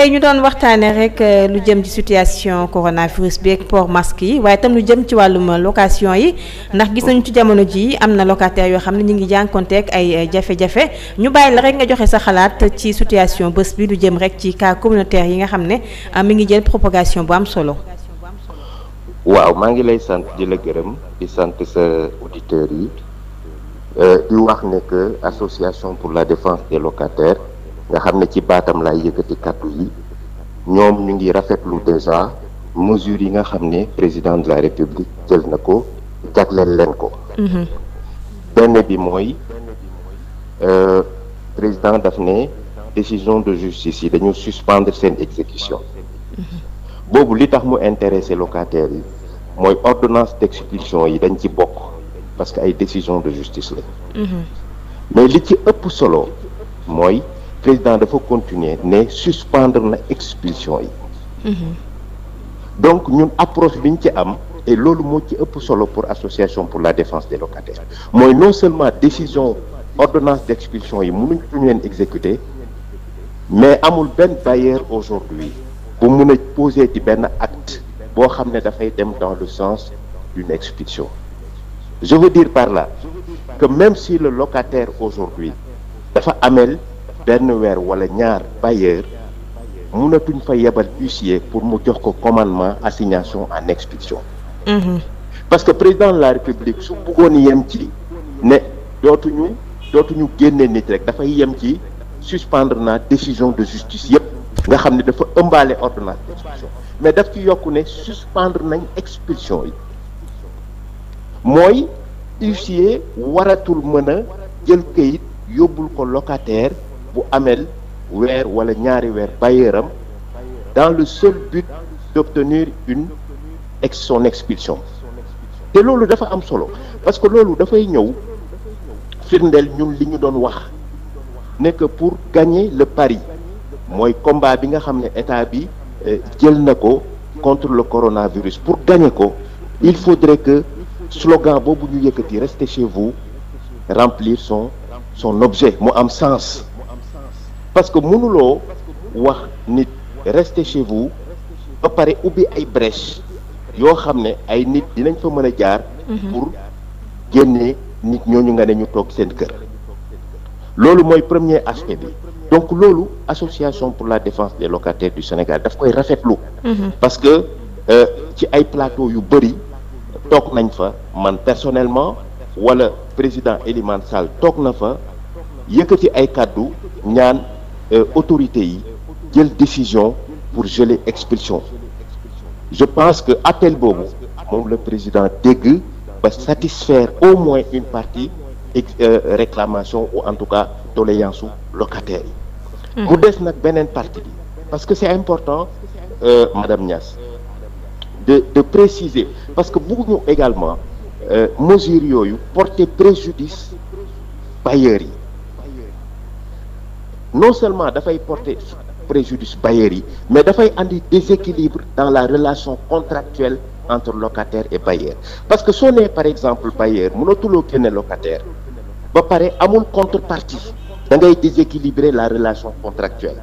tey ñu doon waxtaanee rek euh, lu jëm ci situation coronavirus bi ak port masque yi waaye tam lu jëm ci wàllum location yi ndax gis nañu ci jamono ji am na locataire yoo xam ne ñu ngi jànkonteeg ay euh, jafe-jafe ñu bàyyi la rek nga joxe sa xalaat ci situation bës bi lu jëm rek ci cas communautaire yi nga xam ne euh, mi ngi jël propagation bu am solo. waaw maa ngi lay sant di la gërëm di sant sa auditeurs yi di wax ne association pour la défense des locataires. nga xam ne ci baatam laay yëkkati kàddu yi ñoom ñu ngi rafetlu déjà mesures yi nga xam ne président de la république jël na ko jagleel leen ko. Mhm. benn bi mooy euh, président daf ne décision de justice yi dañu suspendre seen exécution. Mhm. boobu li tax mu intéressé locataires yi mooy ordonnance d'expulsion yi dañ ci bokk parce que ay décision de justice la. Mhm. mais li ci ëpp solo mooy. président dafa continuer ne suspendre na expulsion yi mhm. donc ñun approche bi ñu ci am e loolu moo ci ëpp solo pour association pour la défense des locataires mooy non seulement décision ordonnance d'expulsion yi mu mënuñ ñu leen exécuter mais amul benn bailleur aujourd'hui bu mun a poser di benn acte boo xam ne dafay dem dans le sens d'une expulsion je veux dire par là que même si le locataire aujourd'hui dafa amel benn weer wala ñaar bailleur mënatuñ fa yebal huissier pour mu jox ko commandement assignation en expulsion mmh. parce que président la république su bëggoon yem ci ne dootuñu dootuñu génne nit rek dafay yem ci suspendre naa décision de justice yépp nga xam ne dafa ëmbaale ordonnance d'expulsion mais daf ci yokku ne suspendre nañ expulsion yi mooy huissier waratul mën a jël kayit yóbbul ko locataire bu ameel weer wala ñaari weer bailleuram dans le seul but d'obtenir une ex son expulsion te loolu dafa am solo parce que loolu dafay ñëw firndeel ñu li ñu doon wax nekk pour gagner le pari mooy combat bi nga xam ne état bi euh, jël na ko contre le coronavirus pour gagner ko il faudrait que slogan boobu ñu yëkkati restez chez vous remplir son son objet mu am sens parce que mënuloo wax nit restez chez ba pare ubbi ay brèche yoo xam ne ay nit dinañ fa mën a jaar mhm. pour génne nit ñooñu nga ne ñu toog seen kër loolu mooy premier aspect bi donc loolu association pour la défense des locataires du Sénégal daf koy rafetlu mhm. parce que euh, ci ay plateau yu bëri toog nañ fa man personnellement wala président Elimane Sall toog na fa yëkkati ay kàddu ñaan Euh, autorités yi jël décision pour geler expulsion je pense que appel boobu moom le président dégg ba satisfaire au moins une partie euh, réclamation ou en tout cas doléance su locataires yi mm-hmm. mu des nag beneen partie parce que c'est important euh, madame Niass de de préciser parce que bëgguñu également euh, mesure yooyu porter préjudice bailleurs yi non seulement dafay porter préjudice bailleurs yi mais dafay andi déséquilibre dans la relation contractuelle entre locataire et bailleur parce que soo nee par exemple bailleur mënatuloo génne locataire ba pare amul contrepartie da ngay déséquilibrer la relation contractuelle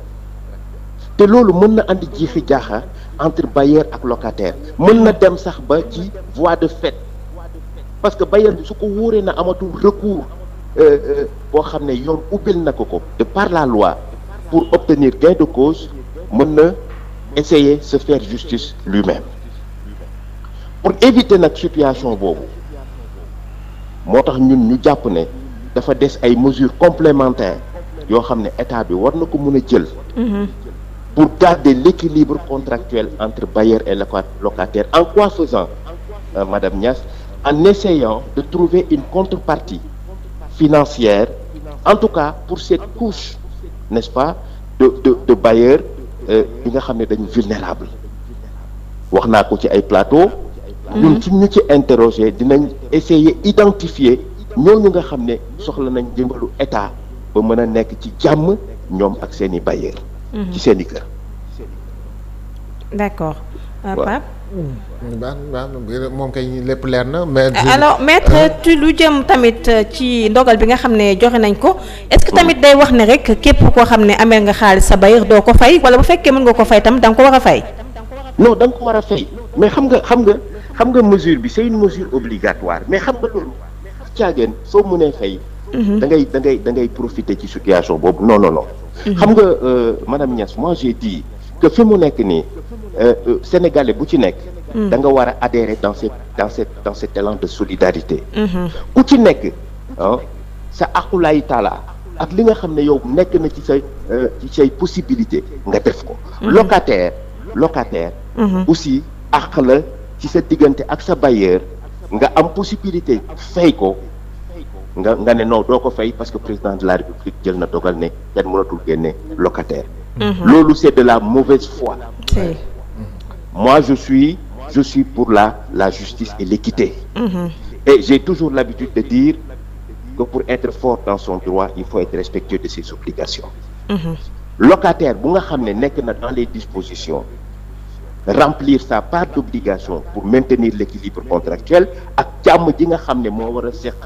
te loolu mën na andi jiixi jaaxa entre bailleur ak locataire mën na dem sax ba ci voie de fait parce que bailleur bi su ko wóoree na amatul recours Euh, euh, boo xam ne yoon ubbil na ko ko de par la loi pour obtenir gain de cause mën na essayer se faire justice lui-même pour éviter nag situation boobu moo tax ñun ñu jàpp ne dafa des ay mesures complémentaires yoo xam ne état bi war na ko mën a jël mhm. pour garder l'équilibre contractuel entre bailleur et locataire en quoi faisant euh, Madame Niass en essayant de trouver une contrepartie financière, en tout cas pour cette couche, n'est-ce pas, de de de bailleurs euh, bi nga xam ne dañu vulnérable wax naa ko ci ay plateau. ñun suñ ñu ci interroger dinañ essayer identifier ñooñu nga xam ne soxla nañ dimbalu état ba mën a nekk ci jàmm ñoom ak seeni i bailleurs. Mhm. ci seen kër. d'accord. Euh, Pape. baax na moom kay lépp leer na mais. alors maître tu lu jëm tamit euh, ci ndogal bi nga xam ne joxe nañ ko. est-ce que tamit day wax ne rek képp koo xam ne amee nga xaalis sa bailleur doo ko fay wala bu fekkee mën nga ko fay tam da ko war a fay. non da nga ko war a fay mais xam nga xam nga xam nga mesure bi c'est une mesure obligatoire mais xam nga loolu caageen soo mënee fay. Mhm. da ngay da ngay da ngay profiter ci situation boobu non non mhm. xam nga euh, madame Niass moi j'ai dit. que fi mu nekk nii euh, euh, sénégalais bu ci nekk. Hmm. da nga war a adhérer dans cette dans cette dans de solidarité. Hmm. ku ci nekk ah sa akulaay taala ak li nga xam ne yow nekk na ci say euh, ci say possibilité nga def ko. Hmm. locataire locataire. aussi àq la ci sa diggante ak sa bailleur nga am possibilité fay ko. nga nga ne noo doo ko fay parce que président de la république jël na dogal ne kenn mënatul génne locataire Mm-hmm. loolu c'est de la mauvaise foi mm-hmm. moi je suis je suis pour la la justice et l'équité mm-hmm. et j'ai toujours l'habitude de dire que pour être fort dans son droit il faut être respectueux de ses obligations locataire bu nga xam ne nekk na dans les dispositions remplir sa part d'obligation pour maintenir l'équilibre contractuel ak jàmm ji nga xam ne moo war a seq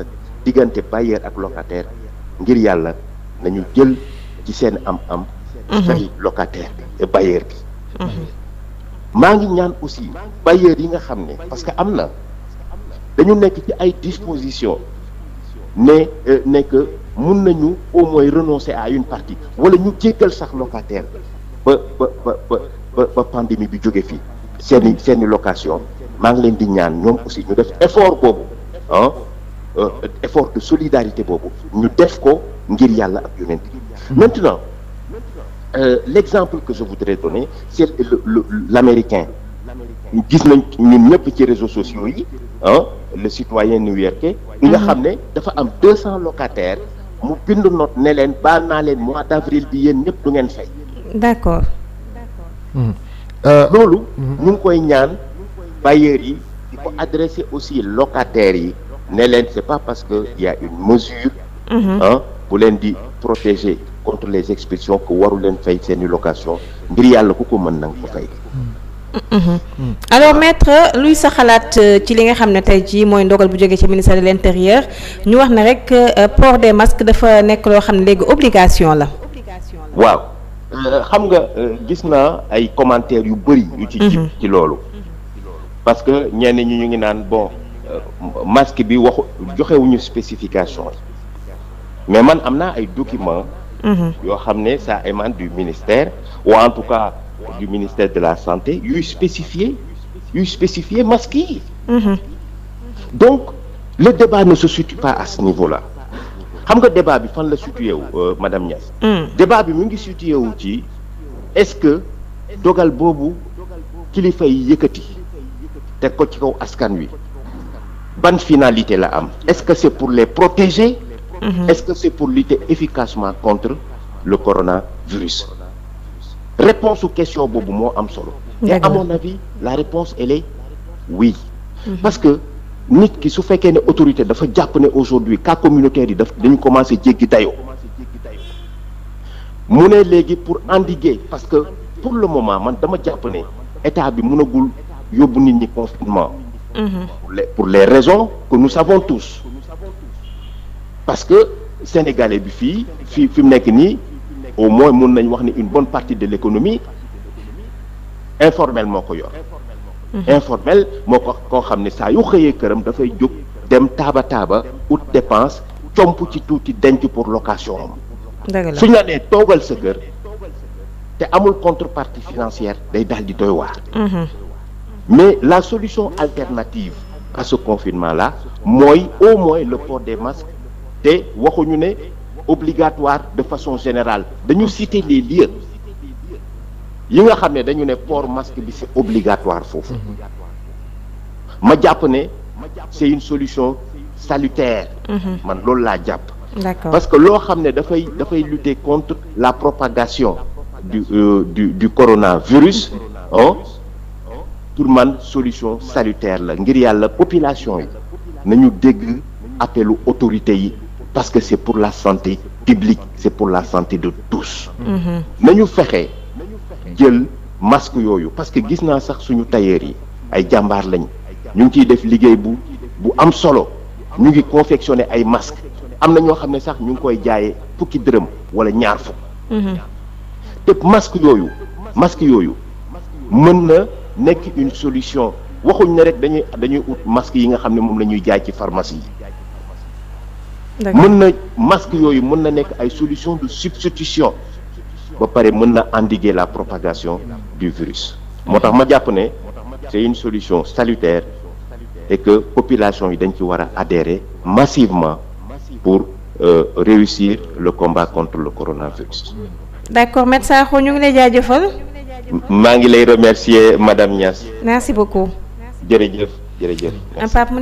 diggante bailleur ak locataire ngir yàlla nañu jël ci seen am-am c'est-à-dire mm-hmm. locataire bi et bi mm-hmm. maa ngi ñaan aussi bailleur yi nga xam ne parce que am na dañu nekk ci ay disposition ne euh, nekk mun nañu au moins renoncer à une partie wala ñu jéggal sax locataire ba ba ba ba ba bi jóge fii seeni seeni location maa ngi leen di ñaan ñoom aussi ñu def effort boobu ah effort de solidarité boobu ñu def ko ngir yàlla ak yonent bi maintenant euh, l'exemple que je voudrais donner c'est l'américain gis nañ ñun ñëpp ci réseaux sociaux yi ah le citoyen new-yorkais yi nga xam ne dafa am deux cents locataires mu bind note ne leen baal naa leen mois d'avril bi yéen ñëpp lu ngeen fay d'accord hmm. euh, euh, loolu hmm. ñu ngi koy ñaan bailleurs yi di ko adresser aussi locataires yi ne leen c'est pas parce que il y a une mesure mm-hmm. bu leen di protéger contre les expulsions que waru leen fay seen i location ngir yàlla ku ko mën na nga ko fay. Mm-hmm. alors maître luy sa xalaat euh, ci li nga xam ne tey jii mooy ndogal bu jógee ci ministère de l'intérieur ñu wax ne rek euh, port des masques dafa nekk loo xam ne léegi obligation la. waaw euh, xam nga gis naa ay commentaires yu bari yu ci jib mm-hmm. ci loolu. parce que ñenn ñi ñu ngi naan bon masque bi waxu joxewuñu spécification mais man am naa ay documents. Mm-hmm. yoo xam ne ça émane du ministère ou en tout cas du ministère de la santé yuy spécifier yuy spécifier masques yi mm-hmm. donc le débat ne se situe pas à ce niveau-là xam nga débat bi fan la situé euh, madame Niass mm. débat bi mu ngi situé wu ci est-ce que dogal boobu kilifa yi yëkkati teg ko ci kaw askan wi ban finalité la am est-ce que c'est pour les protéger Mmh. Est-ce que c'est pour lutter efficacement contre le coronavirus réponse su question boobu moo am solo et à mon avis la réponse elle est oui mm-hmm. parce que nit ki su fekkee ne autorité dafa jàpp ne aujourd'hui cas communautaire yi daf dañu commencé jéggi dayoo mu ne léegi pour endiguer parce que pour le moment man dama jàpp état bi mënagul yóbbu nit ñi confinement mm-hmm. pour les raisons que nous savons tous parce que sénégalais bi fii fi fi mu nekk nii au moins mun nañu wax ni une bonne partie de l'économie informel moo ko yor mhm. informel moo ko koo xam ne saa yu xëyee këram dafay jóg dem taaba taaba out dépense comp ci tuuti denc pour location am suñu la nee toogal sa kër te amul contrepartie financière day daal di doy waar mhm. mais la solution alternative à ce confinement là mooy au moins le port des masques te waxuñu ne obligatoire de façon générale dañu cite les yi nga xam ne dañu ne port masque bi c'est obligatoire foofu ma jàpp ne c'est une solution salutaire mhm. loolu laa jàpp parce que loo xam ne dafay dafay lutter contre la propagation du euh, du du coronavirus pour man solution salutaire la ngir yàlla population yi nañu dégg appelu autorité yi parce que c'est pour la santé publique c'est pour la santé de tous mhm. nañu fexe jël masque yooyu parce que gis naa sax suñu tailleur yi ay jàmbaar lañ ñu ngi ciy def liggéey bu bu am solo ñu ngi confectionné ay masque am na ñoo xam ne sax ñu ngi koy jaaye fukki dërëm wala ñaar fukk mhm. te masque yooyu masque yooyu mën na nekk une solution waxuñ ne rek dañuy dañuy ut masque yi nga xam ne moom la ñuy jaay ci pharmacie yi mën na masque yooyu mën na nekk ay solution de substitution ba pare mën na endiguer la propagation du virus moo tax ma jàpp ne c'est une solution salutaire et que population yi dañ ci war a adhérer massivement pour euh, réussir le combat contre le coronavirus. d'accord Maître Sakho ñu ngi lay jaajëfal. maa ngi lay remercier madame Niass. merci jërëjëf jërëjëf.